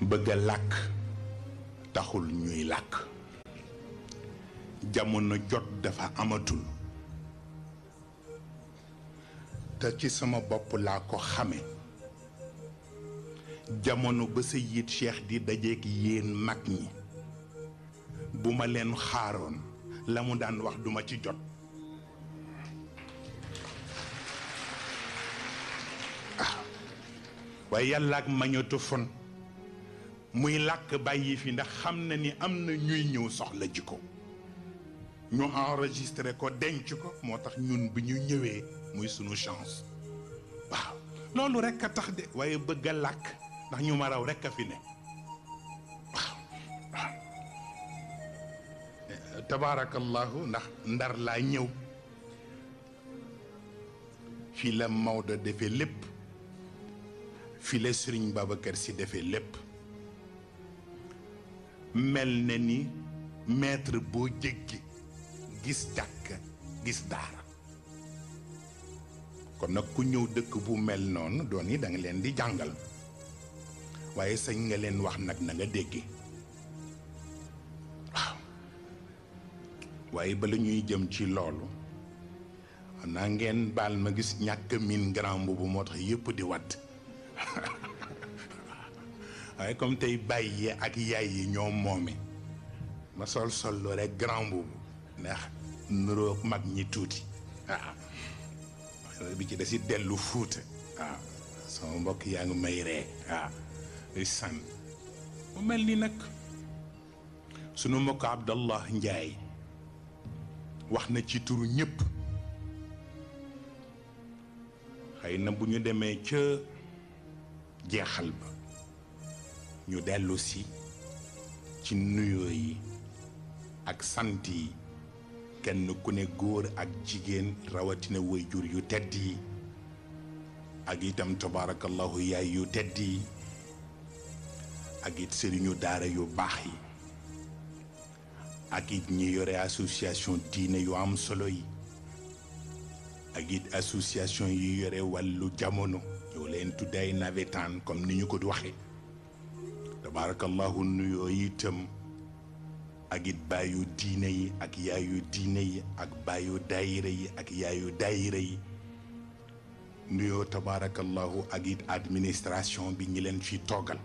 bëgg a làkk taxul ñuy làkk jamono jot dafa amatul te ci sama bopp laa ko xame jamono ba sa yit cheikh di dajeek yéen mag ñi bu ma leen xaaroon la mu daan wax duma ci jot ah. waaye yàlla ak mañatu fon muy lak bàyyi fi ndax xamna ni amna ñuy ñëw soxla ji ko ñu enregistrer ko denc ko motax ñun bi ñu ñewé muy sunu chance waaw lolu rek ka tax de waye bëgg lak ndax ñu ma raw rek ka fi ne waaw waaw tabaarakallahu ndax ndar laa ñëw fii la Maodo defee lépp fii la Serigne Babacar Sy defee lépp mel na ni maître boo jéggi gis jàkk gis daara kon nag ku ñëw dëkk bu mel noonu doon yi danga leen di jàngal waaye sañ nga leen wax nag na nga déggi waaw waaye bala ñuy jëm ci loolu xam naa ngeen baal ma gis ñàkk min grand boobu moo tax yëpp di wadd waaye comme tey bàyyi ak yaay yi ñoo moome ma sol sol lu rek grand boobu ndax nuroo mag ñi tuuti waaw bi ci des it dellu fuuta sama mbokk yaa ngi may ree waaw di sànn mel ni nag sunu mbokk Abdallah Njaay wax na ci turu ñépp xëy na bu ñu demee ca jeexal ba ñu dellusi ci nuyoo yi ak sant yi kenn ku ne góor ak jigéen rawatina way jur yu tedd yi ak itam tabaarakallahu yaay yu tedd yi ak it sëriñu daara yu baax yi ak it ñi yore association diine yu am solo yi ak it association yi yore wàllu jamono ñoo leen tuddee ay navétane ni ñu ko waxee tabaarakallahu nuyoo itam ak it bàyyu diine yi ak yaayu diine yi ak bàyyu daayira yi ak yaayu daayira yi nuyoo tabaarakallahu ak it administration bi ñi leen fi toogal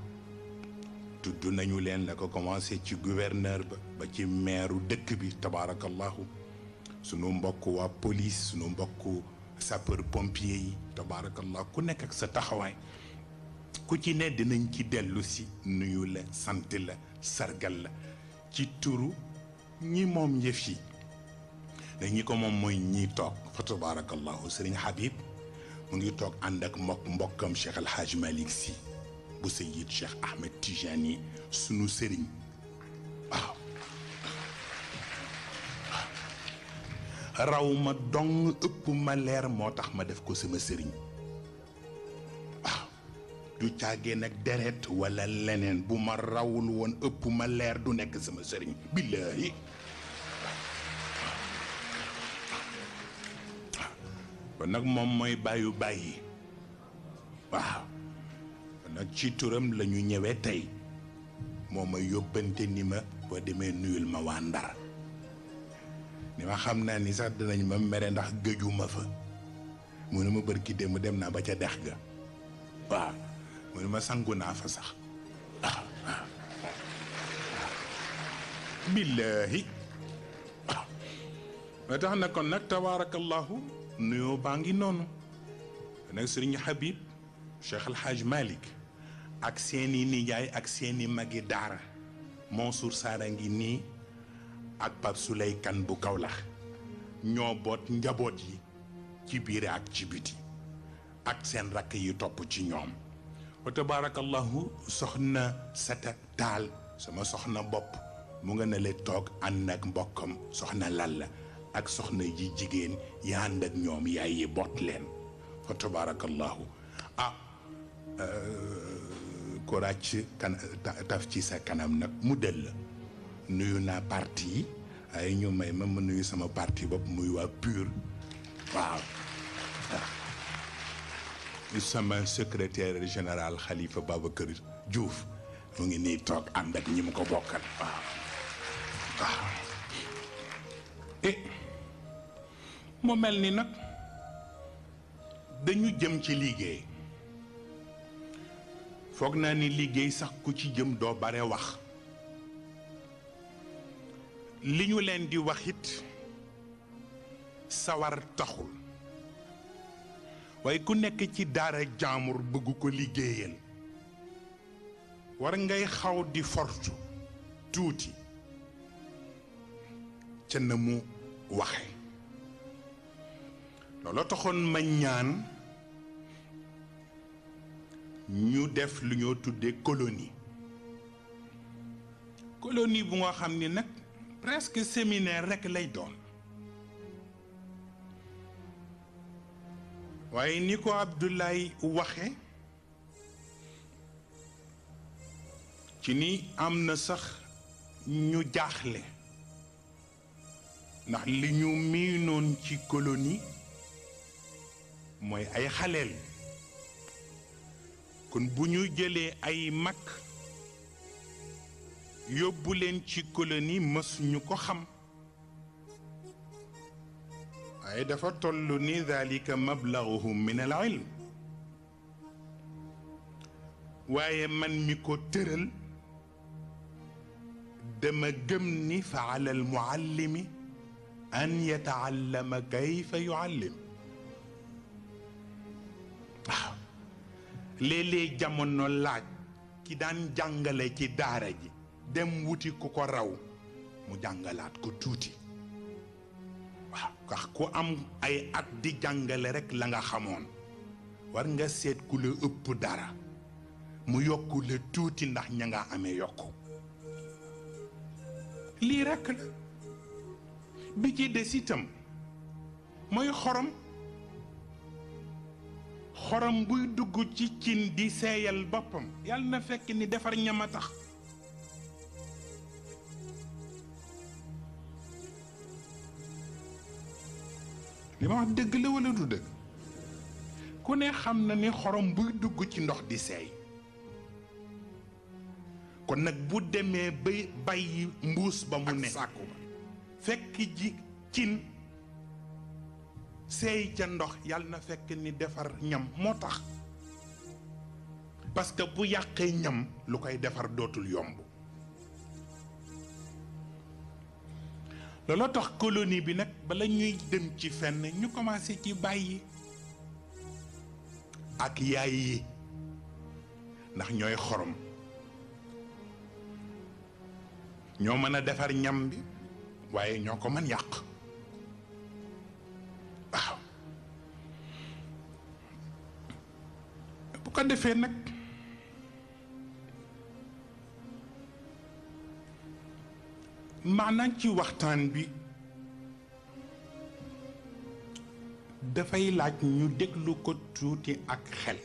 tudd nañu leen la ko commencé ci gouverneur ba ba ci meeru dëkk bi tabaarakallahu sunu mbokk waa police sunu mbokk sapeur pompier yi tabaarakallahu ku nekk ak sa taxawaay ku ci ne dinañ ci dellu si nuyu la sant la sargal la ci turu ñi moom yëf yi ne ñi ko moom mooy ñi toog fa tabarakallahu sëriñ Habib mu ngi toog ànd ak mbokk mbokkam Cheikh El Hadj Malick Sy bu Seyid Cheikh Ahmed Tijani sunu sëriñ waaw raw ma dong ëpp ma leer moo tax ma def ko sama sëriñ du caagee nag deret wala leneen bu ma rawul woon ëpp ma leer du nekk sama sëriñ billaahi kon nag moom mooy bàyyu bàyyi waaw nag ci turam la ñu ñëwee tey moo ma yóbbante ni ma boo demee nuyul ma waa ndar ni ma xam naa ni sax dinañ ma mere ndax gëju fa mu ne ma ki démb dem naa ba ca dex ga mu ne ma sangu بالله fa sax waaw waaw billaahi waaw ma tax na kon nag tabaarakallahu nuyoo baa ngi noonu nag sëriñ Habib Cheikh El Hadj Malick ak seeni nijaay ak seeni magi daara Mansour Saara ngi nii ak yi ci biir ak ci biti ak seen rakk yi topp ci ñoom wa tabaarakallahu soxna sata taal sama soxna bopp mu nga ne le toog ànd ak mbokkam soxna lalla ak soxna ji jigéen yaa ànd ñoom yaay yi boot leen fa tabaarakallahu ah euh, ku ràcc taf ci sa kanam nag mu dell nuyu naa parti yi ay ñu may ma ma nuyu sama parti bopp muy waa PUR waaw sama secrétaire général Khalifa Babacar Diouf mu ngi nii toog ànd ak ñi mu ko bokkal waaw eh, mu mel ni nag dañu jëm ci liggéey foog naa ni liggéey sax ku ci jëm doo bare wax li ñu leen di wax it sawar taxul waaye ku nekk ci daara jaamur bëgg ko liggéeyal war ngay xaw di fortu tuuti ca na mu waxe looloo taxoon ma ñaan ñu def lu ñoo tuddee colonie colonie bu nga xam ni nag presque séminaire rekk lay doon waaye ni ko Abdoulaye waxe ci ni am na sax ñu jaaxle ndax li ñu miinoon ci colonie mooy ay xaleel kon bu ñu jëlee ay mag yóbbu leen ci koloni mës ñu ko xam waaye dafa toll ni dalika mablaguhum min al ilm waaye man mi ko tëral dama gëm ni fa ala al an yataallama kayfa yuallim waaw léeg-léeg jamono laaj ki daan jàngale ci daara ji dem wuti ku ko raw mu jàngalaat ko tuuti ndax ku am ay at di jàngale rekk la nga xamoon war nga seet ku la ëpp dara mu yokk tuuti ndax ña nga amee yokk lii rekk la bi ci des itam mooy xorom xorom buy dugg ci cin di seeyal boppam yal na fekk ni defar ñam a tax li ma wax dëgg la wala du dëgg ku ne xam na ni xorom buy dugg ci ndox di seey kon nag bu demee bay bàyyi mbuus ba mu ne sàkku ba fekk ji cin seey ca ndox yàlla na fekk ni defar ñam moo tax parce que bu yàqee ñam lu koy defar dootul yomb looloo tax colonie bi nag bala ñuy dem ci fenn ñu commencé ci bàyyi ak yaay yi ndax ñooy xorom ñoo mën a defar ñam bi waaye ñoo ko mën yàq waaw bu ko defee nag maanaam ci waxtaan bi dafay laaj ñu déglu ko tuuti ak xel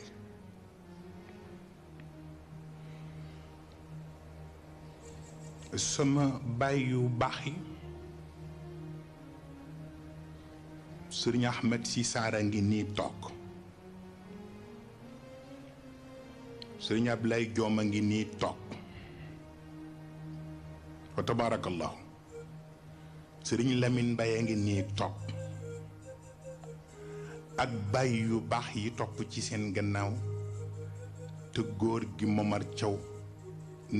sama bàyyi yu baax yi sëriñ Ahmed si saara ngi nii toog sëriñ Ablaye Joom a ngi nii toog fa tabaarakallahu sëriñ Lamine Mbaye a ngi nii topp ak bay yu baax yi topp ci seen gannaaw te góor gi Momar Thiaw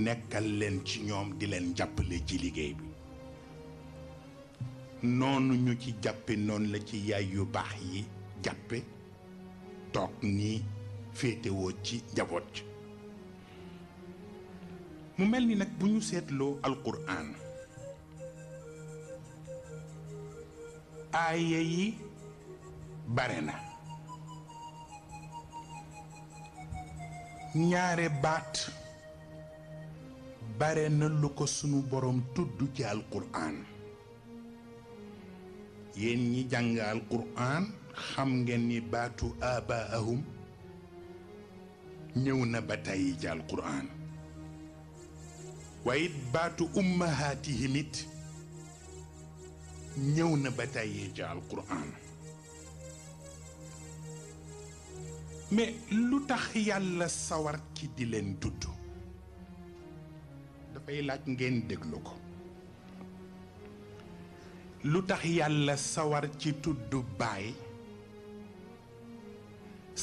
nekkal leen ci ñoom di leen jàppale ci liggéey bi noonu ñu ci jàppe noon la ci yaay yu baax yi jàppe toog nii féetewoo ci njaboot ci mu mel ni nag bu ñu seetloo alquran aaya yi bare na ñaare baat bare na lu ko sunu boroom tudd ci alquran yéen ñi jàng alquran xam ngeen ni baatu abaahum ñëw na ba tey ci alquran waaye baatu ummahaatihim it ñëw na ba tàyyee ca alquran mais lu tax yàlla sawar ci di leen tudd dafay laaj ngeen déglu ko lu tax yàlla sawar ci tudd baay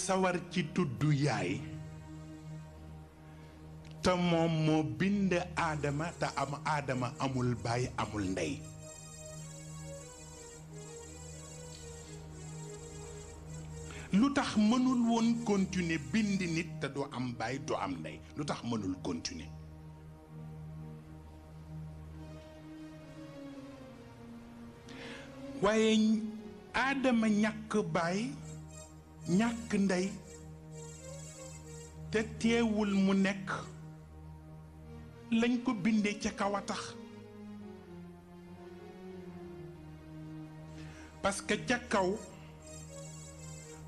sawar ci tudd yaay te moom moo bind aadama te am aadama amul baay amul ndey lu tax mënul woon continuer bind nit te du am baay du am ndey lu tax mënul continuer waaye aadama ñàkk baay ñàkk ndey te teewul mu nekk lañ ko bindee ca kaw a tax parce que ca kaw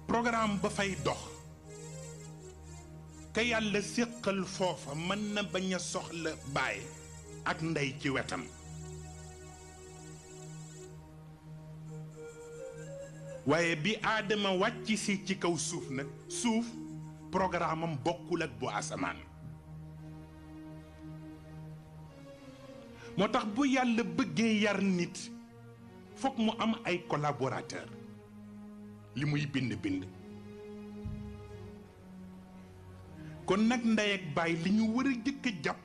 programme ba fay dox ka yàlla séqal foofa mën na bañ a soxla baay ak ndey ci wetam waaye bi aadama wàcc si ci kaw suuf nag suuf programme am bokkul ak bu asamaan moo tax bu yàlla bëggee yar nit foog mu am ay collaborateur li muy bind bind kon nag ndey ak baay li ñu war a jëkk a jàpp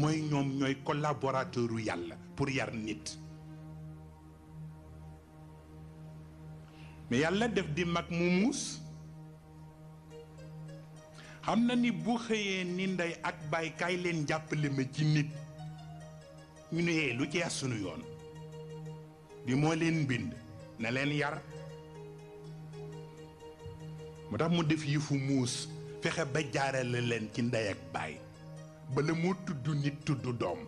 mooy ñoom ñooy collaborateur u yàlla pour yar nit mais yàlla def di mag mu muus xam na ni bu xëyee ni ndey ak baay kaay leen jàppale ma ci nit ñu ne yee eh, lu jeex sunu yoon di moo leen bind na leen yar mu tax mu def yëfu muus fexe ba jaarale leen ci ndey ak baay bala moo tudd nit tudd doom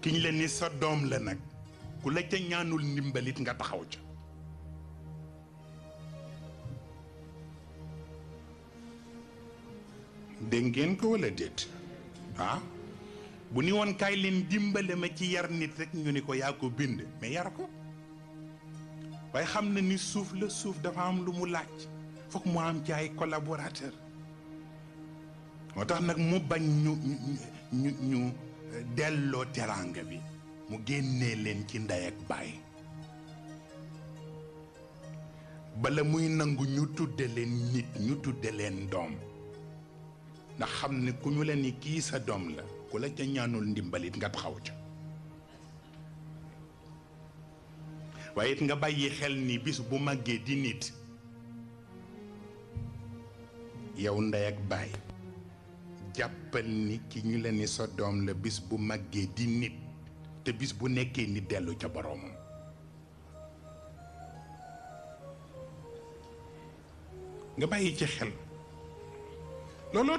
kiñ leen ni sa doom la nag ku la ca ñaanul ndimbalit nga taxaw ca dégg ngeen ko wala déet ah? bu ni woon kaay leen dimbale ma ci yar nit rek ñu ni ko yaa ko bind mais yar ko waaye xam na ni suuf la suuf dafa am lu mu laaj foog mu am ci ay collaborateur moo tax nag mu bañ ñu ñu ñu delloo teraanga bi mu génnee leen ci ndey ak baay bala muy nangu ñu tudde leen nit ñu tudde leen doom ndax xam ne ku ñu la ni kii sa doom la ku la ca ñaanul ndimbalit nga xaw ca waaye it nga bàyyi xel ni bis bu màggee di nit yow ndey ak baay jàppal ni ki ñu la ni sa doom la bis bu màggee di nit te bis bu nekkee ni dellu ca boroomam nga bàyyi ci xel nono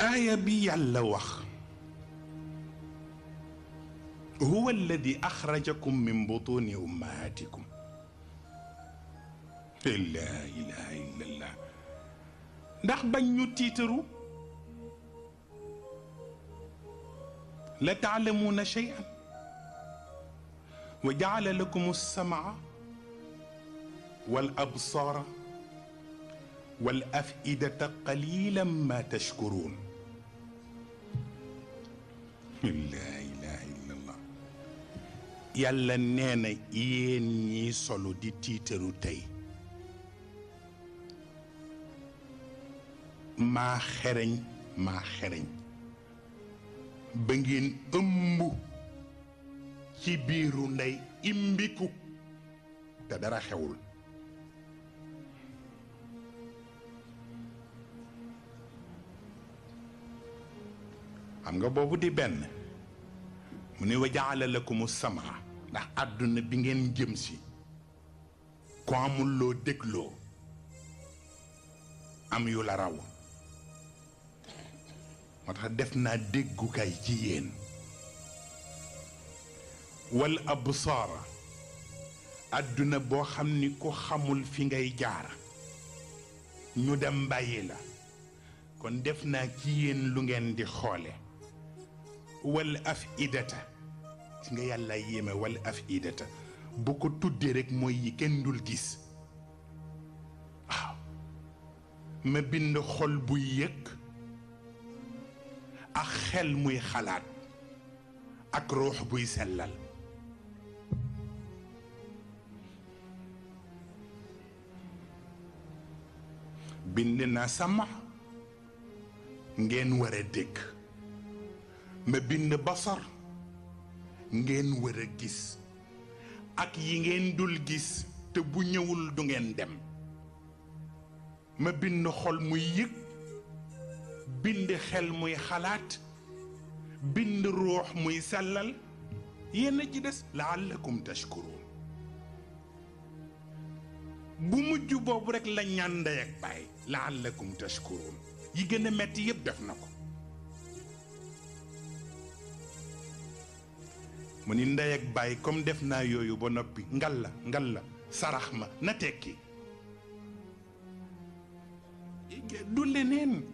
آية بي الله هو الذي أخرجكم من بطون أمهاتكم لا إله إلا الله نحن نتيترو لا تعلمون شيئا وجعل لكم السمع والابصار والافئده قليلا ما تشكرون لا اله الا الله يلا نانا إيني صلو دي تيترو تي ما خرن ما خرن ba ngeen ëmb ci biiru ndey imbiku te dara xewul xam nga boobu di benn mu ne wa ko lakumu sama ndax àdduna bi ngeen jëm si ku loo dégloo am yu la raw moo tax def naa déggukaay ci yéen wal absaara àdduna boo xam ni ku xamul fi ngay jaar ñu dem bàyyi la kon def naa ci yéen lu ngeen di xoole wal af idata si nga yàlla yéeme wal af idata bu ko tuddee rek mooy yi kenn dul gis ma bind xol bu yëkk ak xel muy xalaat ak ruux buy sellal bind naa sama ngeen war a dégg ma bind basar ngeen war a gis ak yi ngeen dul gis te bu ñëwul du ngeen dem ma bind xol muy yëg بند خل موي خلات بند روح موي سلال ين جدس لعلكم تشكرون بمجو بابرك لنان دايك باي لعلكم تشكرون يجن متي يب دفنكو من ندايك باي كم دفنا يويو بنبي نغلا نغلا سرحما نتكي دولنين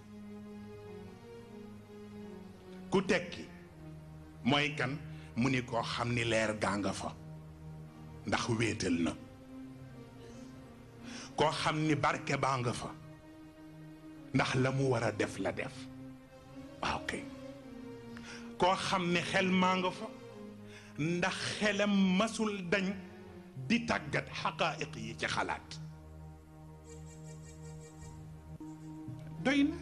ku tekki mooy kan mu ni koo xam ni leer gaa nga fa ndax wéetal na koo xam ni barke baa nga fa ndax la mu war a def la def waaw ah, koo xam ni xel maa nga fa ndax xelam masul dañ di tàggat xaqaayiq yi ci xalaat doy na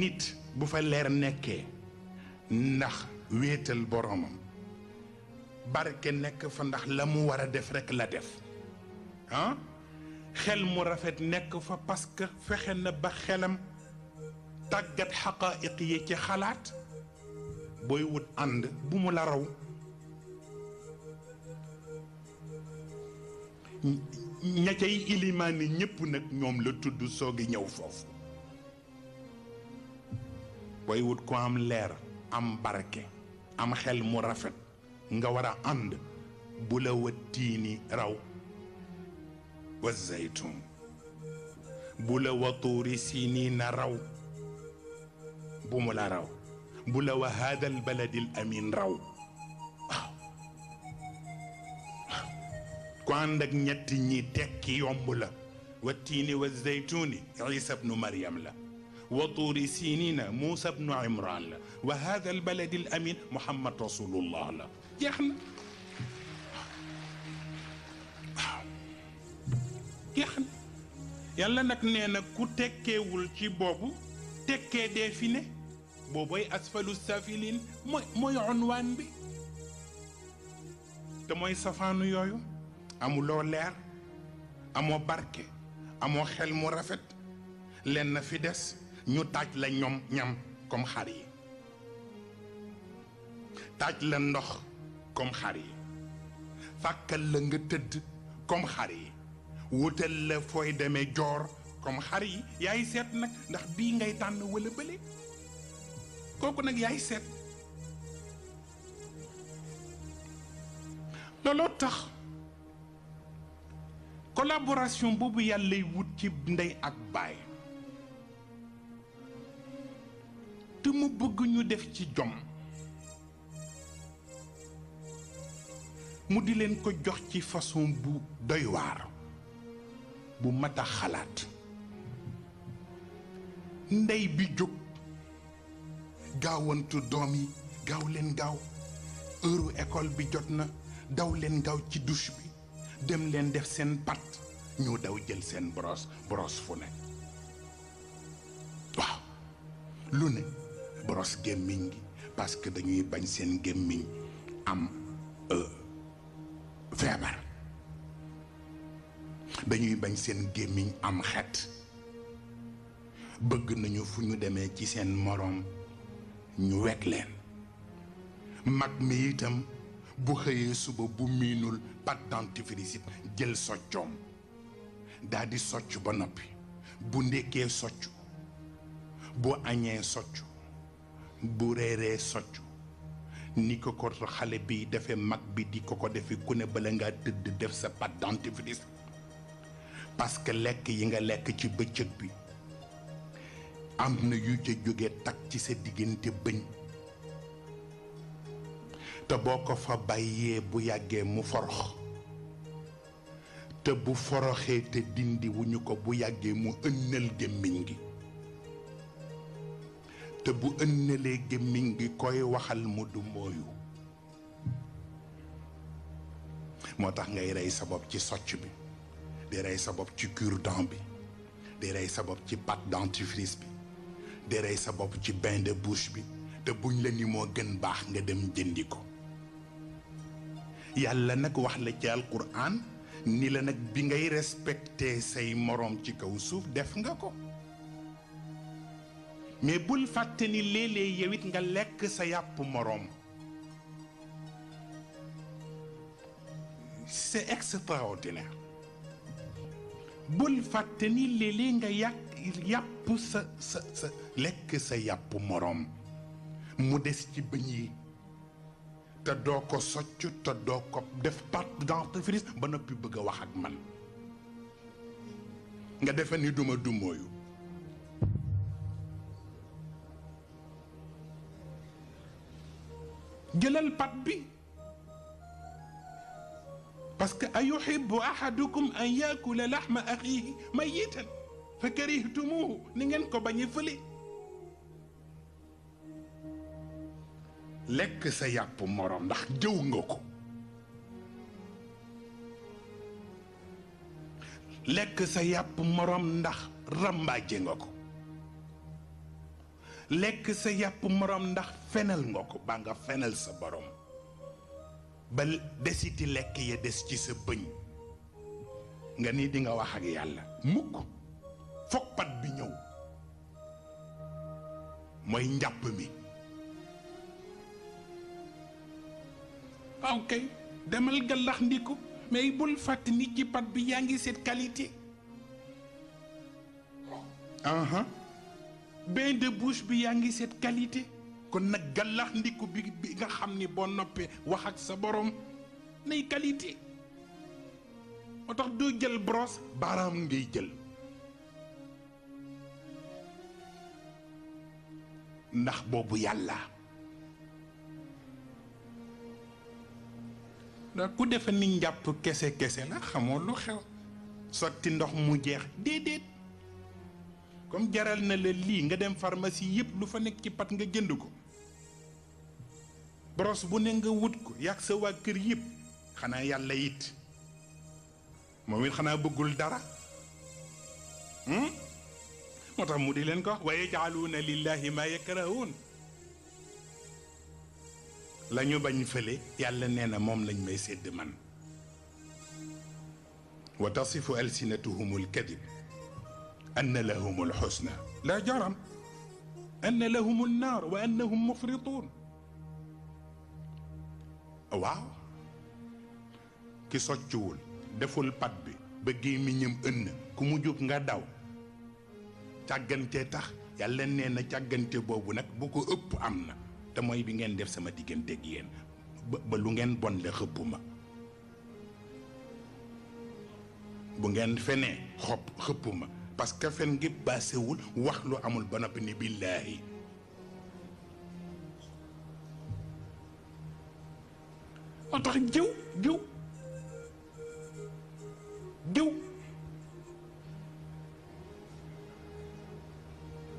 nit bu fa leer nekkee ndax wéetal boromam barke nekk fa ndax la mu war a def rek la def ah xel mu rafet nekk fa parce que fexe na ba xelam tàggat xaqaa'iq yi ci xalaat boy wut ànd bu mu la raw ña cay ilimaani ñépp nag ñoom la tudd soogi ñëw foofu booy wut ko am leer am barke am xel mu rafet nga war a ànd bu la wa tiini raw wa zaytun bu la wa tuuri siniina raw bu mu la raw bu la wa haadal baladil amin raw waaw ku ak ñett ñi tekki yomb la wa tiini wa zaytuni isa bnu mariam la وطور سينين موسى بن عمران وهذا البلد الأمين محمد رسول الله له يحن يحن yàlla nag nee na ku tekkeewul ci boobu tekkee dee fi ne booboy asfalu safilin mooy mooy unwaan bi te mooy safaanu yooyu amuloo leer amoo barke amoo xel mu rafet lenn fi des ñu taaj la ñoom ñam comme xar yi taaj la ndox comme xar yi fàkkal la nga tëdd comme xar yi wutal la fooy deme joor comme xar yi yaay seet nag ndax bii ngay tànn wala bële kooku nag yaay seet looloo tax collaboration boobu yàllay wut ci ndey ak baay te mu bëgg ñu def ci jom mu di leen ko jox ci façon bu doy waar bu mat xalaat ndey bi jóg gaawantu doom yi gaaw leen gaaw heure école bi jot na daw leen gaaw ci douche bi dem leen def seen pat ñu daw jël seen brosse brosse fu ne waaw lu ne boros gémmiñ gi parce que dañuy bañ seen gémmiñ am euh, feebar bañ seen gémmiñ am xet bëgg nañu fu ñu demee ci seen moroom ñu wekk leen mag mi itam bu xëyee suba bu miinul pâte dentifrice jël soccoom daldi socc ba noppi bu ndekkee socc bu añee socc bu réeree soccu ni ko ko xale bi defee mag bi di ko ko defee ku ne bala ngaa tëdd def sa pâte dentifrice parce que lekk yi nga lekk ci bëccëg bi am na yu ca jóge takk ci sa diggante bëñ te boo ko fa bàyyee bu yàggee mu forox te bu foroxee te dindi ko bu yàggee mu ënnal gémmiñ gi te bu ënnalee gémmiñ ngi koy waxal mu du mooyu moo tax ngay rey sa bopp ci socc bi di rey sa bopp ci cure bi di rey sa bopp ci pat dentifrice bi di rey sa bopp ci bain de bouche bi te buñ la ni moo gën baax nga dem jëndi ko yàlla nag wax la ci alquran ni la nag bi ngay respecté say moroom ci kaw suuf def nga ko mais bul fàtte ni léeg-léeg yow nga lekk sa yàpp moroom c'est extraordinaire bul fàtte ni léeg-léeg nga yàpp sa sa sa lekk sa yàpp moroom mu des ci bëñ yi te doo ko socc te doo ko def pâte dentifrice ba noppi bëgg a wax ak man nga defe ni duma dumooyu جلال بابي بس أيحب أحدكم أن يأكل لحم أخيه ميتا فكرهتموه نين كوباني فلي لك سياب مرام دخ جونغوكو لك سياب مرام دخ رمبا جنغوكو lekk sa yàpp moroom ndax fenal nga ko baa nga fenal sa boroom ba desiti lekk ya des ci sa bëñ nga ni dinga wax ak yàlla mukk foog pat bi ñëw mooy njàpp mi ok demal gàllax ndiku mais bul fàtt nit ci pat bi yaa ngi seet qualité bain de bouche bi yaa ngi seet qualité kon nag gàllax ndiku bi bi nga xam ni boo noppee wax ak sa boroom nay qualité moo tax doo jël brosse baaraam ngay jël ndax boobu yàlla ndax ku defe ni njàpp kese kese la xamoo lu xew sotti ndox mu jeex déedéet comme jaral na la lii nga dem pharmacie yëpp lu fa nekk ci pat nga jënd ko boros bu ne nga wut ko yàgg sa waa kër yëpp xanaa yàlla it moom it xanaa bëggul dara moo tax mu di leen ko wax wa yajaaluuna lillahi ma yakrahuun la ñu bañ fële yàlla nee na moom lañ may sédd man wa tasifu alsinatuhum alkadib أن لهم الحسنى لا جرم أن لهم النار وأنهم مفرطون واو كي سوتشول دفو البات بي بغي مي نيم ان كومو جوب nga داو تاغانتي تاخ يالا نينا تاغانتي بوبو نك بوكو اوب امنا تا موي بي نين ديف سما ديغنتي غين با لو نين بون لي خبوما بو نين فني خوب خبوما خب parce que fen ngi baasewul wax lu amul ba noppi ni billaahi moo tax jëw jëw jëw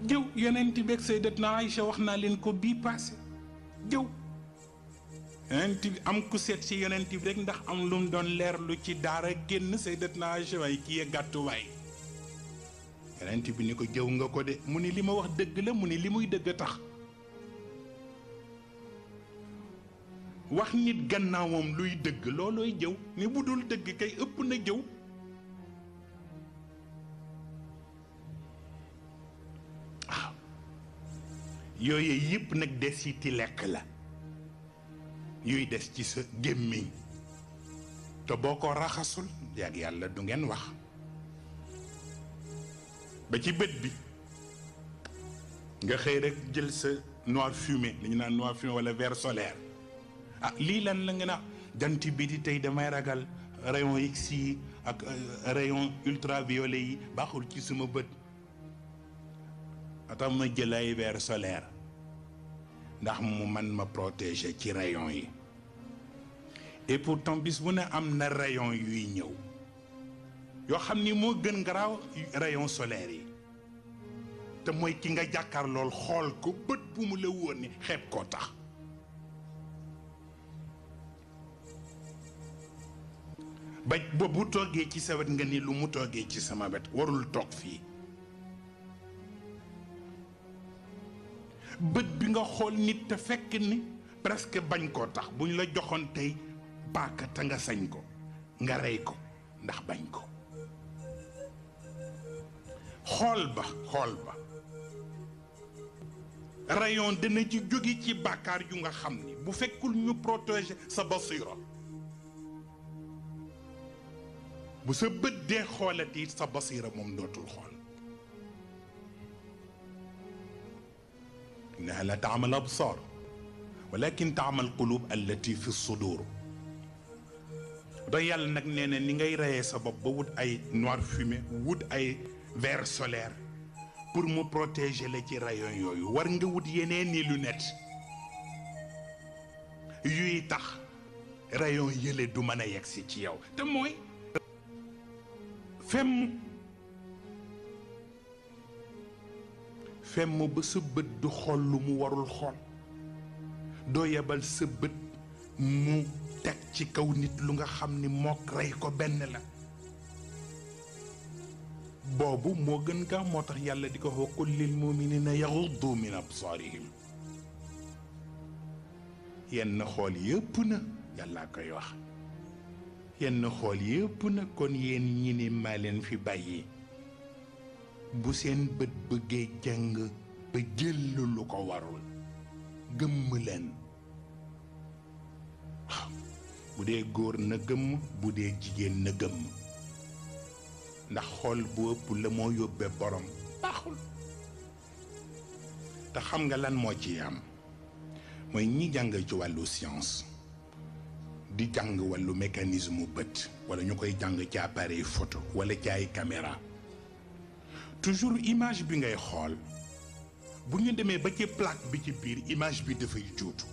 jëw yeneenti bi ak Sayyidatna Aïcha wax naa leen ko bii passé jëw yonent bi am ku seet ci yonent bi rek ndax am lu mu doon leerlu ci daara génn Sayyidatna Aïcha waaye kii yee gàttuwaay yonent bi ni ko jëw nga ko de mu ni li ma wax dëgg la mu ni li muy dëgg tax wax nit gannaawam luy dëgg loolooy jëw ni bu dul dëgg kay ëpp na jëw waaw yooyu yëpp nag desiti lekk la yuy des ci sa gémmiñ te boo ko raxasul ak yàlla du ngeen wax ba ci bët bi nga xëy rek jël sa noir fumé ñu naan noir fumé wala verre solaire ah lii lan la nga na jant bi di tey ragal rayon X yi ak euh, rayon ultraviolet yi baaxul ci suma bët atam ma jël ay verre solaire ndax mu man ma protéger ci rayon yi et pourtant bis bu ne am na rayon yuy ñëw yo xamni mo gën graw rayon solaire yi te moy ki nga jakar lol xol ko beut bu mu le won ni xeb ko tax ba bu toge ci sawet nga ni lu mu toge ci sama bet warul tok fi beut bi nga xol nit te fekk ni presque bagn ko tax buñ la joxon tay baka ta nga sañ ko nga ray ko ndax bagn ko xool ba xool ba rayon dina ci jóge ci bàkkaar yu nga xam ni bu fekkul ñu protéger sa basira bu sa bët dee xoolati sa basira moom dootul xool إنها لا تعمل أبصار ولكن تعمل قلوب التي في الصدور da yàlla nag nee na ni ngay reyee sa bopp ba wut ay noir fumé wut ay Vers solaire pour me protéger les rayons. rayon war nga wut yeneen ni lunettes. yuy tax rayon yele du mën a ci yow te mooy fem femm ba sa beut du xol lu mu warul xol do yebal sa beut mu tek ci kaw nit lu nga xamni mok ray ko ben la boobu moo gën gaaw moo tax yàlla di ko wax wa qul lil muminina yaxuddu min absaarihim yenn xool yëpp na yàllaa koy wax yenn xool yëpp na kon yéen ñi ne maa leen fi bàyyi bu seen bët bëggee jàng ba jël lu ko warul gëmm leen bu dee góor na gëmm bu dee jigéen na gëmm ndax xool bu ëpp la moo yóbbee borom baaxul te xam nga lan moo ci am mooy ñi jàng ci wàllu science di jàng wàllu mécanisme mu bët wala ñu koy jàng ci appareil photo wala ci ay caméra toujours image bi ngay xool bu ñu demee ba ci plaque bi ci biir image bi dafay juutu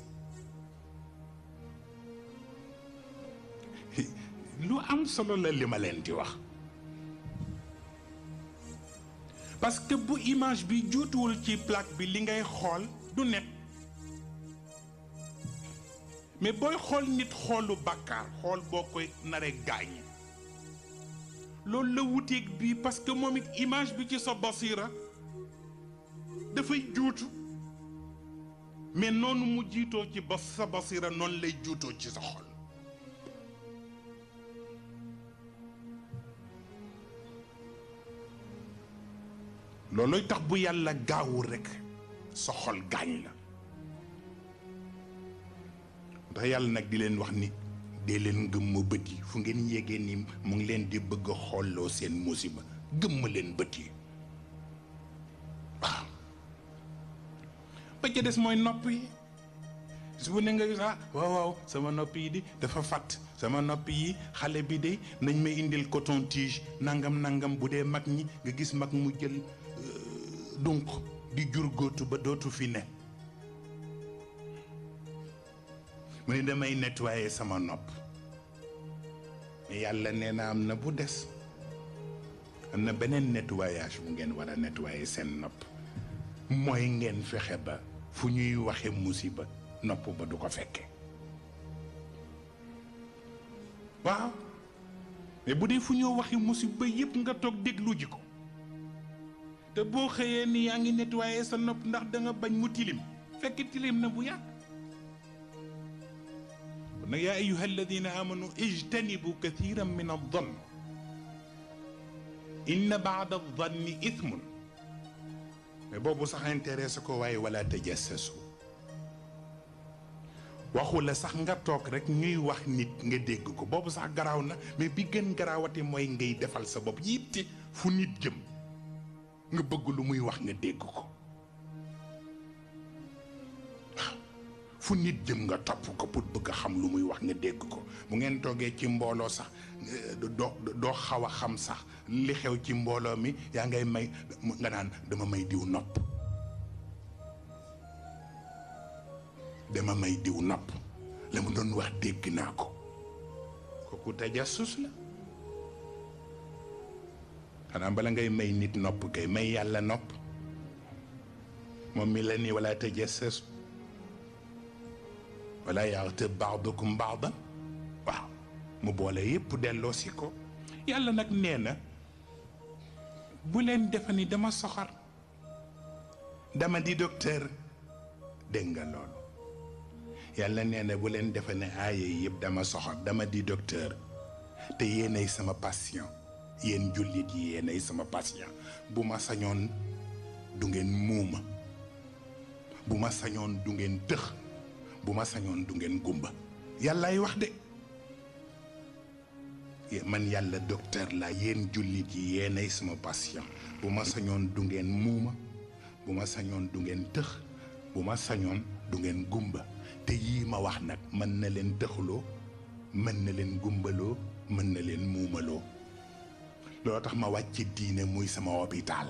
lu am solo la li di wax parce que bu image bi juutuwul ci plaque bi li ngay xol du net mais boy xol nit xoolu bàkkaar xol bokoy koy naree gaañ le wouté bi parce que momit image bi ci sa basira fay juutu mais noonu mu jito ci bas sa basira non lay juutoo ci sa xol loolooy tax bu yàlla gaawul rekk sa xol gaañ la ndax yàlla nag di leen wax ni dee leen gëmm bët yi fu ngeen yégee ni mu ngi leen di bëgg a xooloo seen musiba gëmm leen bët yi waaw ba des mooy nopp yi su bu ne nga ah waaw waaw sama nopp yi di dafa fàtt sama nopp yi xale bi de nañ may indil coton nangam nangam bu dee mag ñi nga gis mag mu jël dunq di jur góotu ba dootu fi ne mu ne damay nettoyer sama nopp yàlla nee na am na bu des am na beneen nettoyage bu ngeen war a seen nopp mooy ngeen fexe ba fu ñuy waxe musiba nopp ba du ko fekke waaw mais bu dee fu ñoo waxe musiba yépp nga toog déglu ji ko te boo xëyee ni yaa ngi nettoyé sa nopp ndax da nga bañ mu tilim fekk tilim na bu yàgg kon nag yaa ayuha alladina amanu ijtanibu kathiran min addann inna baada adanni ithmun mais boobu sax intéressé ko waaye wala tajassasu waxu la sax nga toog rek ñuy wax nit nga dégg ko boobu sax garaaw na mais bi gën garaawate mooy ngay defal sa bopp yitte fu nit jëm nga bëgg lu muy wax nga dégg ko fu nit jëm nga topp ko pour bëgg a xam lu muy wax nga dégg ko mu ngeen toogee ci mbooloo sax eh, doo doo xaw a xam sax li xew ci mbooloo mi yaa ngay may nga naan dama may diw nopp dama may diw nopp la mu doon wax dégg naa ko kooku tajasus la xanaa bala ngay may nit nopp kay may yàlla nopp moom mi la nii wala tajassus wala yaxtab baadukum baadan waaw mu boole yépp delloo si ko yàlla nag nee na bu leen defe ni dama soxar dama di docteur dégg nga loolu yàlla nee na bu leen defe ne aaye yëpp dama soxor dama di docteur te yéenay sama patient yéen jullit yi yéenay sama patient bu ma sañoon du ngeen muuma bu ma sañoon du ngeen tëx bu ma sañoon du ngeen gumba yàllaay wax de man yàlla docteur la yéen jullit yi yéenay sama patient bu ma sañoon du ngeen bu ma sañoon du ngeen tëx bu ma sañoon du ngeen gumba te yii ma wax nag mën na leen tëxloo mën na leen gumbaloo mën na leen muumaloo loo tax ma wàcce diine muy sama hôpital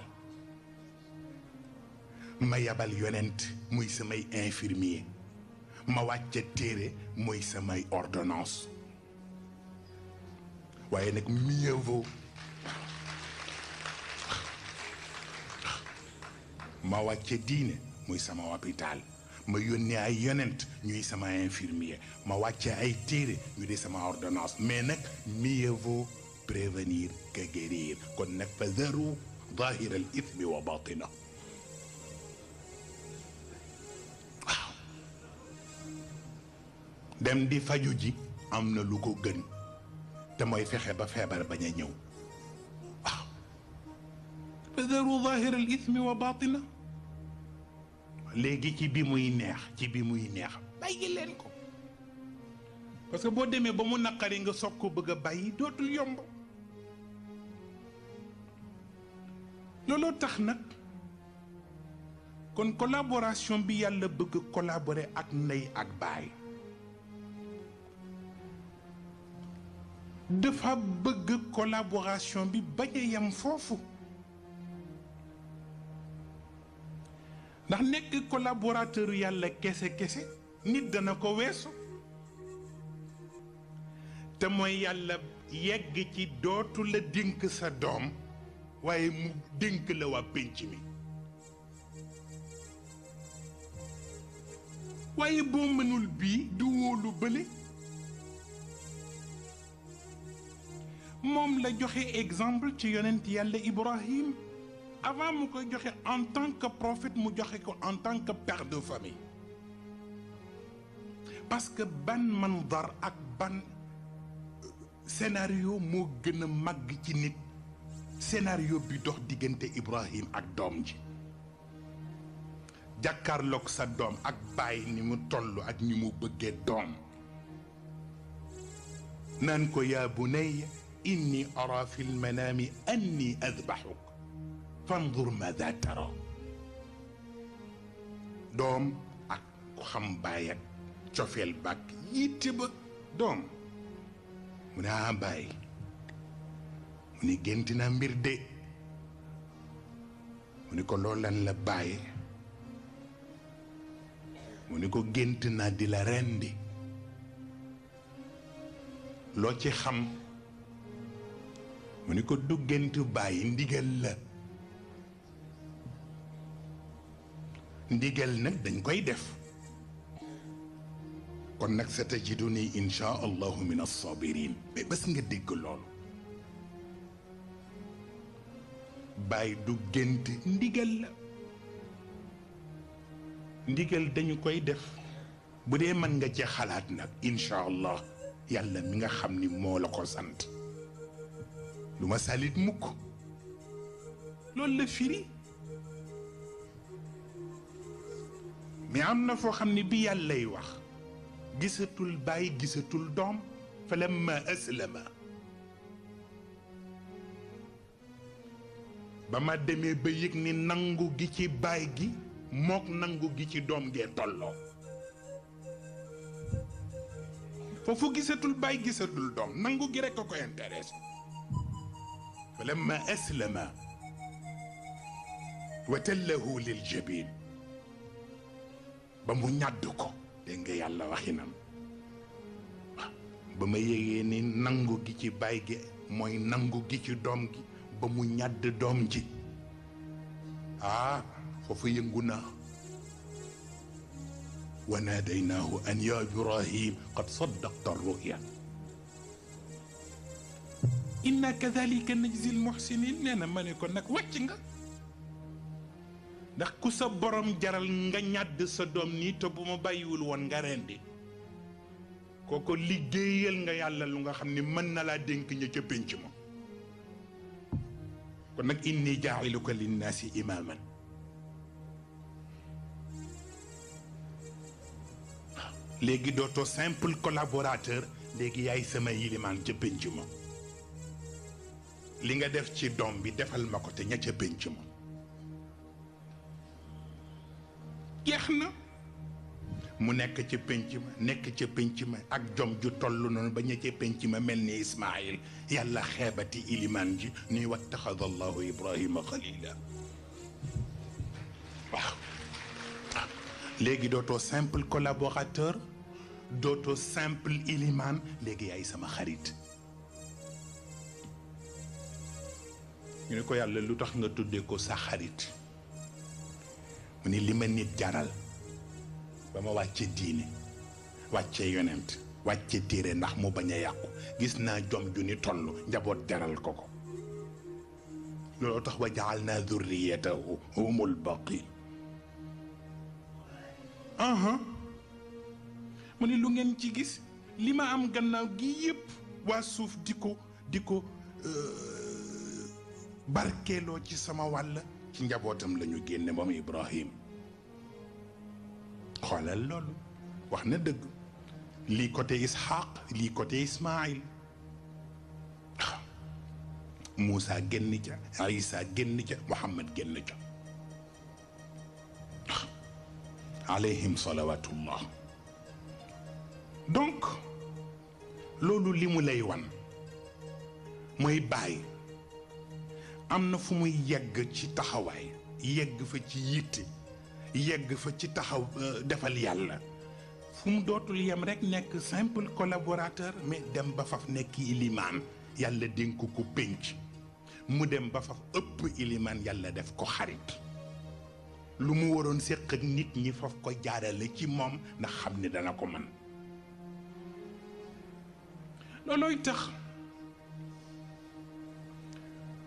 ma yabal yonent muy samay infirmier ma wàcce téere muy samay ordonnance waaye nag mieux ma wàcce diine muy sama hôpital ma yónnee ay yonent ñuy sama infirmier ma wàcce ay téere ñu di sama ordonnance mais nag mieux بريفنير كجرير قد نفذروا ظاهر الإثم وباطنه dem di faju ji am na lu ko gën te mooy fexe ba feebar bañ a ñëw waaw fadaru zahir al ithmi wa batina léegi ci bi muy neex ci bi muy neex bàyyi leen ko parce que boo demee ba mu naqari nga soog ko bëgg a bàyyi dootul yomb Lolo tax nak kon collaboration bi yalla bëgg collaborer ak ney ak bay dafa bëgg collaboration bi bañ yam fofu neke ndax nek collaborateur yalla kesse kesse nit dana ko weesu te moy yalla yegg ci dootu la dénk sa dom waye mu denk la wa mi du wolu bele mom la joxe exemple ci yonent Ibrahim avant mu koy joxe en tant que prophète mu joxe ko en tant que père de famille parce que ban dar ak ban scénario mo gëna a ci scénario bi dox digënté Ibrahim ak dom ji jàkkaarloog sa dom ak bay ni mu tollu ak ni mu bëggé dom nan ko ya bunay inni ara fil lmanaami anni adbaxuk fandur maada tara dom ak xam bay ak ciofel bak yitte ba dom mu ne ah ni gentina mbir de mu ni ko loolu lan la baye mu ni ko gént di la rendi lo ci xam mu ko du gentu baye ndigal la ndigal nak dañ koy def kon nag sa duni insha allah min as-sabirin be bas nga deg loolu bàyyi du gént ndigal la ndigal dañu koy def bu dee mën nga ci xalaat nag incha allah yàlla mi nga xam ni moo la ko sant lu ma salit mukk loolu la firi mais am na foo xam ne bi yàllay wax gisatul bàyyi gisatul doom fa lamma aslama ba ma demee ba yëg ni nangu gi ci baay gi mook nangu gi ci doom gee tolloo foofu gisatul baay gisatul doom nangu gi rekk a ko intéressé fa lamma aslama wa tallahu lil jabin ba mu ñàdd ko dégg yàlla waxinam ba ma yégee ni nangu gi ci baay gi mooy nangu gi ci doom gi ba mu ñàdd doom ji ah foofu yëngu naa wa naadaynaahu an yaa ibrahim qad saddaqta arruya inna kadalika najzi almuhsinin nee na ma ko nag wàcc nga ndax ku sa borom jaral nga ñàdd sa doom nii te bu ma bàyyiwul woon nga rendi koko liggéeyal nga yàlla lu nga xamni man na la dénk ñe ci pénc ma kon nag inni jaa'iluka linnaasi imaaman waaw léegi dootoo simple collaborateur léegi yaay sama yilimaan ca pénc ma li nga def ci doom bi defal ma ko te ña ca pénc ma jeex na mu nekk ci pénc ma nekk ca pénc ma ak jom ju toll noonu ba ña ca pénc ma mel ni Ismaayil yàlla xeebati ilimaan ji nuy wattaxada allahu ibrahima xalila waaw léegi dootoo simple collaborateur dootoo simple ilimaan léegi yaay sama xarit ñu ne ko yàlla lu tax nga tuddee ko sa xarit mu ne li ma nit jaral ba ma wàccee diine wàccee yonent wàccee téere ndax mu bañ a yàqu gis naa jom ju ni toll njaboot jaral ko ko looloo tax wa jaxal naa zurriyatahu humul baqi aha mu ni lu ngeen ci gis li ma am gannaaw gi yëpp waa suuf di ko di ko euh, barkeeloo ci sama wàll ci njabootam la génne moom Ibrahim xoolal loolu wax na dëgg lii côté Isxaaq lii côté Ismaayil waaw Muusa génn ca Isa génn ca Muhammad génn ca alayhim salawatullah donc loolu li mu lay wan mooy bàyyi am na fu muy yegg ci taxawaay yegg fa ci yitte yegg fa ci taxaw euh, defal yàlla fu mu dootul yem rekk nekk simple collaborateur mais dem ba faf nekk ilimaan yàlla dénk ko pénc mu dem ba faf ëpp ilimaan yàlla def ko xarit lu mu waroon séq nit ñi faf ko jaarale ci moom ndax xam ni dana ko man loolooy tax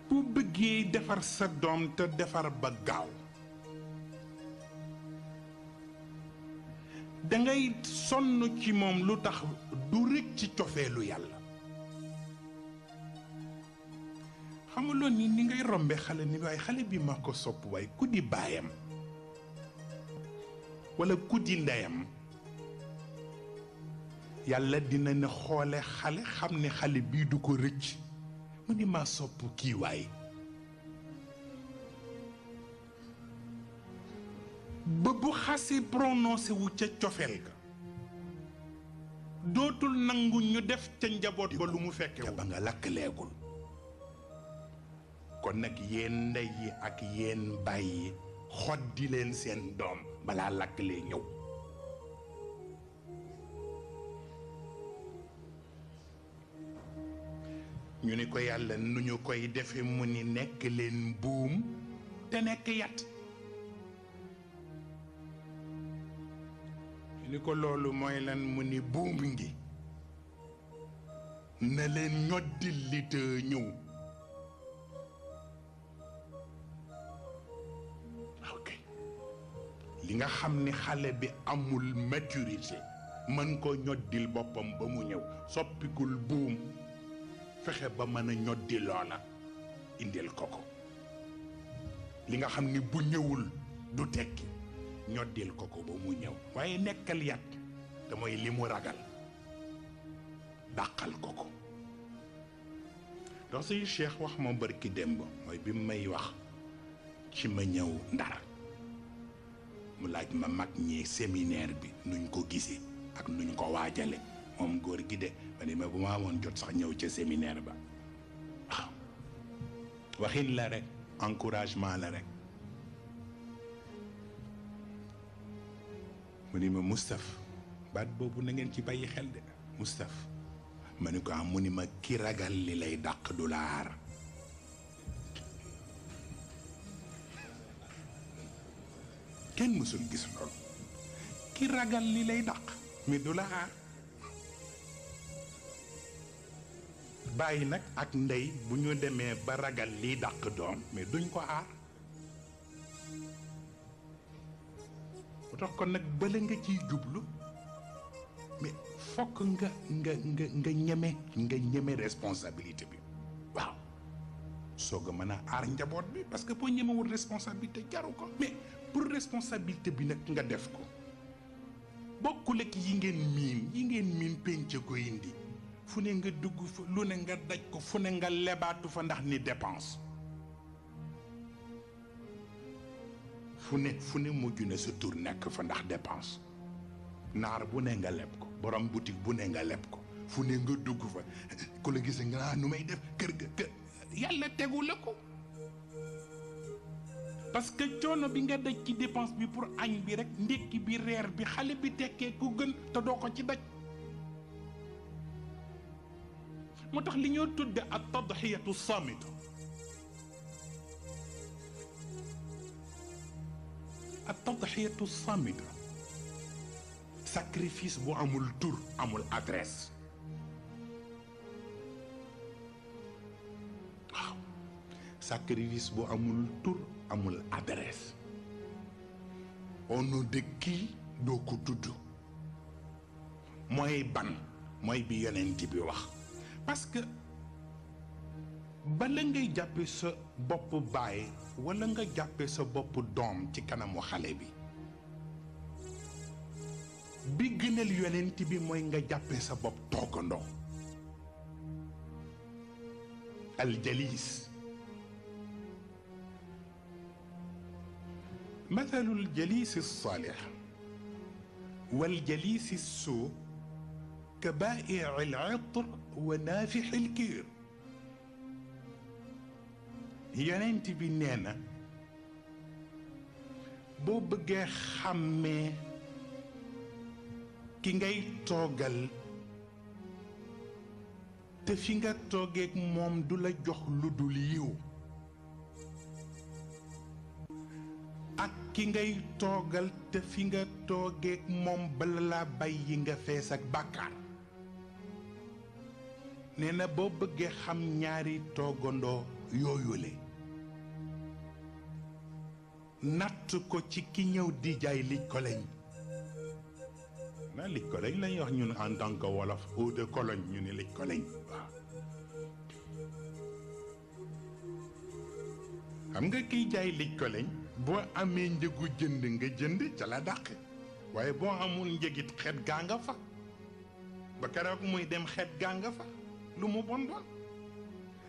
bu bëggee defar sa doom te defar ba gaaw dangay sonn ci moom lu tax du rëcc ci cofeelu yàlla xamuloo ni ni ngay rombe xale ni waaye xale bi maa ko sopp waaye ku di baayam wala ku di ndeyam yàlla dina ne xoole xale xam ne xale bii du ko rëcc mu ni maa sopp kii waay ba bu xasi prononcé ca cofeel ga dootul nangu ñu def ca njaboot ba lu mu fekke wu ba nga lakk leegul kon nag yéen ndey yi ak yéen bàyyi xoddi leen seen doom balaa lakk lee ñëw ñu ni ko yàlla nu ñu koy defe mu ni nekk leen buum te nekk yat ni ko loolu mooy lan mu ni buum ngi na leen ñoddi li te ñëw ok li nga xam ni xale bi amul maturité mën ko ñoddil boppam ba mu ñëw soppikul buum fexe ba mën a ñoddi loola indil ko ko li nga xam ni bu ñëwul du tekki ñoddil ko ko ba mu ñëw waaye nekkal yat te mooy li mu ragal dàqal ko ko ndax suñu cheikh wax ma bërki démb mooy bi may wax ci ma ñëw ndar mu laaj ma mag ñi séminaire bi nuñ ko gisee ak nuñ ko waajale moom góor gi de ma bu ma amoon jot sax ñëw ca séminaire ba waaw waxin la rek encouragement la rek mu ni ma Moustapha baat boobu na ci bàyyi xel de Moustapha ma ni ko am ah, mu ni ragal li lay dàq du la aar kenn mësul gis loolu ki ragal li lay daq mi du la aar bàyyi nag ak ndey bu ñu demee ba ragal liy dàq doom mais duñ ko aar bu tax kon nag bële nga ciy jublu mais fokk nga nga nga nga ñeme nga ñeme responsabilité bi waaw soog a mën a aar njaboot bi parce que boo ñemewul responsabilité jaru ko mais pour responsabilité bi nag nga def ko bokkul ak yi ngeen miin yi ngeen miin penc ko indi fu ne nga dugg fa lu ne nga daj ko fu ne nga lebaatu fa ndax ni dépense fu ne fu ne mujj na sa tur nekk fa ndax dépense naar bu ne nga leb ko borom boutique bu ne nga leb ko fu ne nga dugg fa ku la gisee nga nu may def kër ga kër yàlla tegu la ko parce que coono bi nga daj ci dépense bi pour añ bi rek ndékki bi reer bi xale bi tekkee ku gën te doo ko ci daj moo tax li ñoo tudde at tadxiyatu saamita التضحية الصامدة sacrifice bo amul tur amul adresse sacrifice bo amul à amul adresse on nous de qui Moi, ban moi, bi yonent bi parce que wala nga jàppee sa bopp doom ci kanamu xale bi bi gënal yonent bi mooy nga jàppee sa bopp toogandoo الجليس مثل الجليس الصالح والجليس السوء كبائع العطر ونافح الكير yonent bi nee na boo bëggee xàmmee ki ngay toogal te fi nga toogeek moom du la jox lu dul yiw ak ki ngay toogal te fi nga toogeek moom bala laa bàyyi nga fees ak bàkkaar nee na boo bëggee xam ñaari toogandoo yooyule natt ko ci ki ñëw di jaay lij Cologne na lij Cologne lañuy wax ñun en tant que wolof eau de ñu ne lij Cologne xam nga kiy jaay lij Cologne boo amee njëgu jënd nga jënd ca la dàq waaye boo amul njëgit xet gaa nga fa ba keroog muy dem xet gaa nga fa lu mu bon bon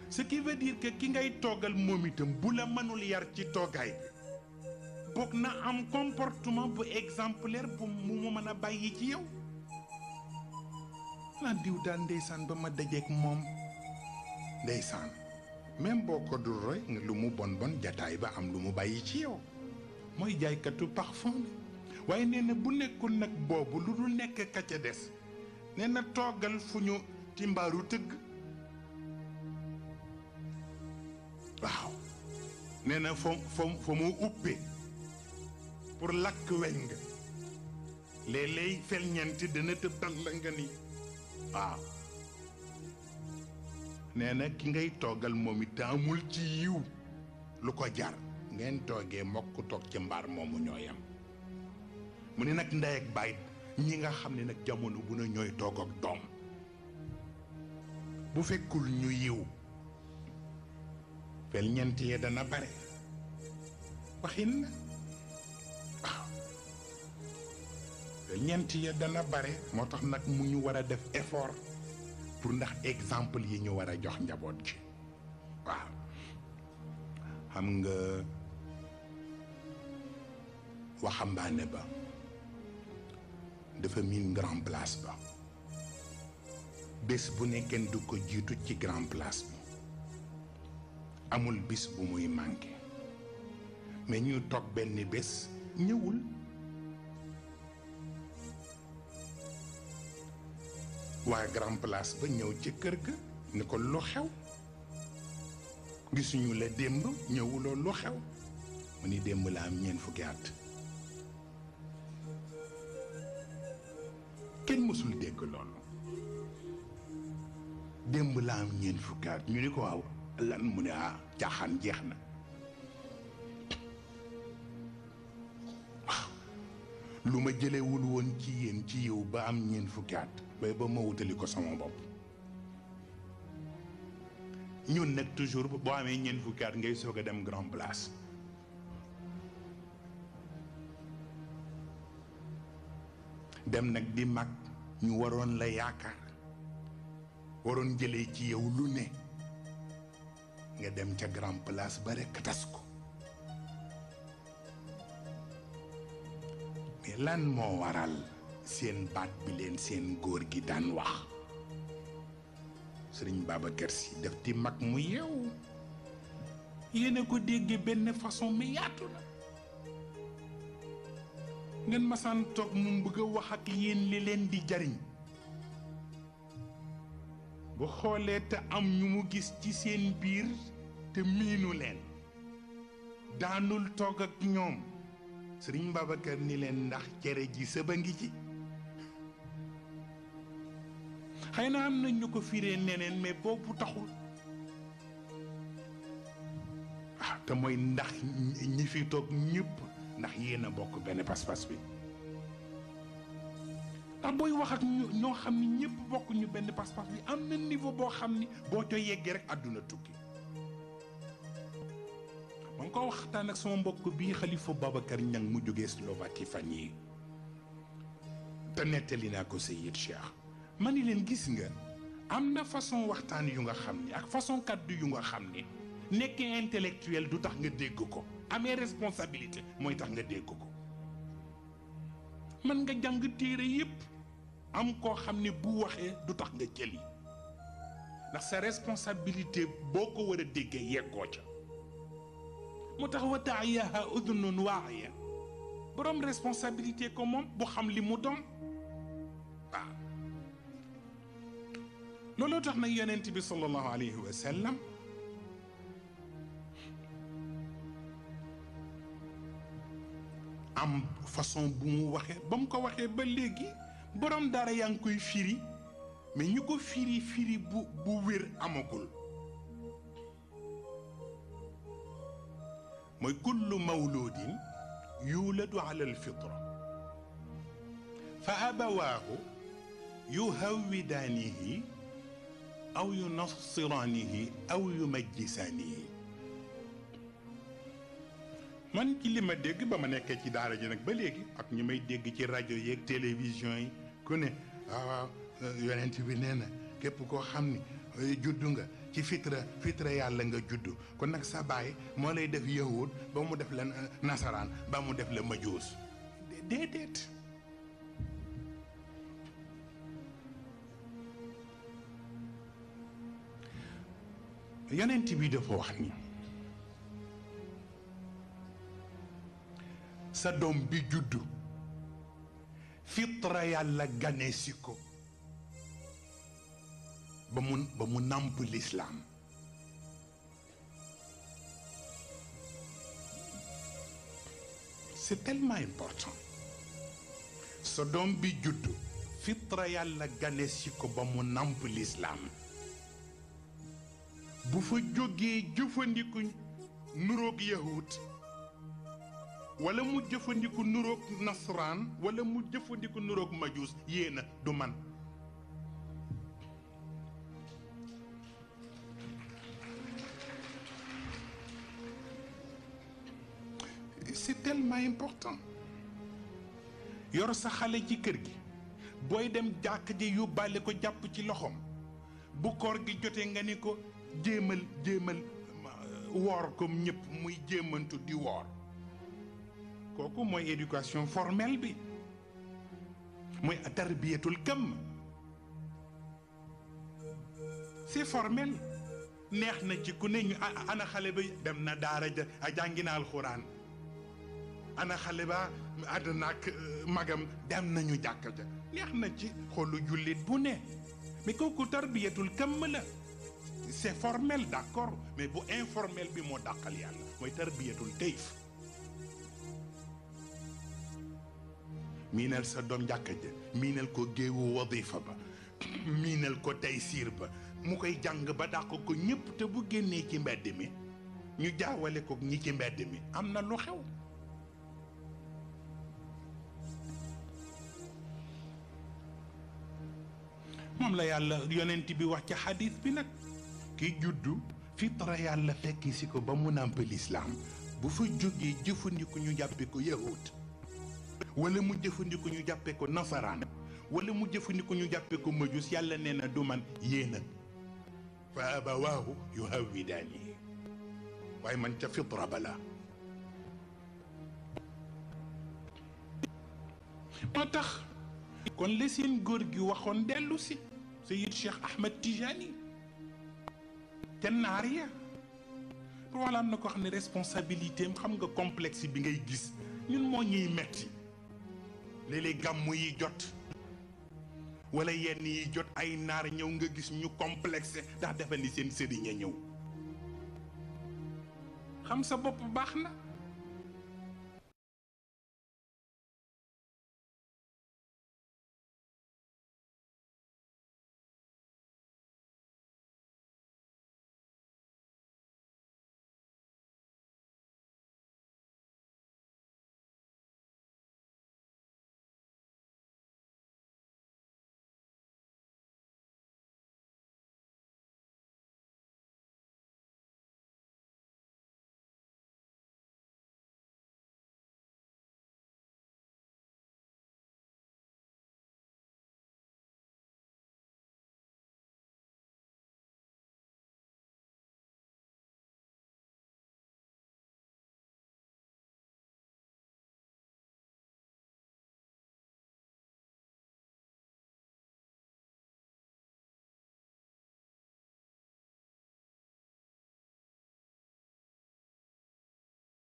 ce qui veut dire que ki ngay toogal moom itam bu la mënul yar ci toogaay bi boog na am comportement bu exemplaire bu mu mën a bàyyi ci yow naa diw daal ndeysaan ba ma dajeek moom ndeysaan même boo ko dul roy lu mu bon bon jataay ba am lu mu bàyyi ci yow mooy jaaykatu parfum waaye nee bu nekkul nag boobu lu dul nekk ka ca des nee na toogal fu ñu ci mbaaru tëgg waaw nee fa fa mu uppee pour lakk weñ le lay fel felñent dana tëbbal la nga ni wa ah. neena ki ngay togal momi it amul ci yiw lu ko jar ngeen toogee mokk tok ci mbar momu ñoyam mune nak nday ak bayit ñi nga xam nak jamono bu na ñoy tok ak dom bu fekkul ñu yiw fel ñent ye ya dana bare waxin ñeent ya dana bare moo tax nag mu ñu war a def effort pour ndax exemple yi ñu war a jox njaboot ji waaw xam nga waxambaane ba dafa miin grand place ba bés bu nekkee du ko jiitu ci grand place bi amul bis bu muy manqué mais ñu toog benn bés ñëwul waa grand place ba ñëw ci kër ga ni ko lu xew gisuñu la démb ñëwuloo lu xew mu ni démb la am ñeen fukki at kenn mësul dégg loolu démb la am ñeent fukki at ñu ni ko waaw lan mu ne ah caaxaan jeex na lu ma jëlewul woon ci yéen ci yow ba am ñeent fukki at bay ba ma wutali ko sama bopp ñun nag toujours boo amee ñeent fukki at ngay soog a dem grand place dem nag di mag ñu waroon la yaakaar waroon jëlee ci yow lu ne nga dem ca grand place ba rekk tas ko mais lan moo waral sen bat bi len sen gor gi dan wax serigne baba si def ti mak mu yew yene iya ko degge ben façon mi yaatu na ngeen san tok mu bëgg wax ak yeen li len di jariñ bu xolé te am ñu mu gis ci seen biir te minu len daanul tok ak ñoom sëriñ Babacar ni len ndax cere ji ci xëy na am nañ ñu ko firee neneen mais boobu taxul ah te mooy ndax ñi fi toog ñépp ndax yéen a bokk benn pas bi ndax booy wax ak ñoo xam ni ñëpp bokk ñu benn pas bi am na niveau boo xam ni boo ca yeggee rek àdduna tukki ma ngi ko waxtaan ak sama mbokk bii xalifa Babacar Niang mu jógee Slovaquie fan yii te nettali naa ko Seyid Cheikh Mani len gis nga am na façon waxtan yu nga xamni ak façon kaddu yu nga xamni ni intellectuel du tax nga dégg ko amé responsabilité moy tax nga dégg ko man nga jang téré yépp am ko xamni bu waxé du nga jëli ndax sa responsabilité boko wara déggé a ca wa ha. udunun wa'iya boroom responsabilité ko bu xam li mu dom لولو تخ نان يونت بي صلى الله عليه وسلم ام فاصون بو مو واخه بام كو واخه با ليغي بروم دارا يانكوي كوي فيري مي نيكو فيري فيري بو بو وير اماكول موي كل مولود يولد على الفطره فابواه يهودانه aw yu nasiraanihi aw yu majjisaanihi man ci li ma dégg ba ma nekkee ci daara ji nag ba léegi ak ñu may dégg ci rajo yéeg télévision yi ku ne waaw ah, yonent bi nee na képp koo xam ni eh, juddu nga ci fitra fitra yàlla nga juddu kon nag sa baay moo lay def yahud ba mu def la nasaraan ba mu def la majuus déedéet yonent bi dafa wax ni sa doom bi juddu fitra yàlla ganesi ko ba mu nàmp lislaam c'est tellement important sa doom bi juddu fitra yàlla ganesi ko ba mu nàmp lislaam bu fa jógee jëfandiku nurook yahut wala mu jëfandiku nuroog nasraan wala mu jëfandiku nuroog majuus yéena du man c'est yor sa xale ci kër gi booy dem jàkk ji yóbbaale ko jàpp ci loxoom bu koor gi jote nga ni ko jéemal jéemal woor comme ñëpp muy jéemantu di woor kooku mooy éducation formelle bi mooy tarbiyatul kam c'est formel neex na ci ku ne ñu ah, ana xale ba dem na daara ja jàngi na alxuraan ana xale ba àdd naak euh, magam dem nañu jàkk ja neex na ci xolu jullit bu ne mais kooku tarbiyatul kam la c'est formel d'accord mais bu informel bi moo dàqal yàlla mooy tarbiyatul tayf miinal sa doom jàkka ja miinal ko géewu wadifa ba miinal ko taysiir ba mu koy jàng ba dàq ko ñépp te bu génnee ci mbedd mi ñu jaawale ko ñi ci mbedd mi am na lu xew moom la yàlla yonent bi wax ci xadiis bi nag ki juddu fitra yàlla fekk si ko ba mu nàmp lislaam bu fa jógee jëfandiku ñu jàppe ko yahut wala mu jëfandiku ñu jàppe ko nasaraan wala mu jëfandiku ñu jàppe ko majus yàlla nee na du man yéena fa abawaahu yuhawidaani waaye man ca fitra ba la moo tax kon la seen góor gi waxoon dellu si sayid cheikh ahmad tijani te naa rien voilà am na ko xam ne responsabilité am xam nga complexe bi ngay gis ñun moo ñuy metti léeg-léeg gàmmu yi jot wala yenn yi jot ay naar ñëw nga gis ñu complex ndax defe ni seen sëriñ a ñëw xam sa bopp baax na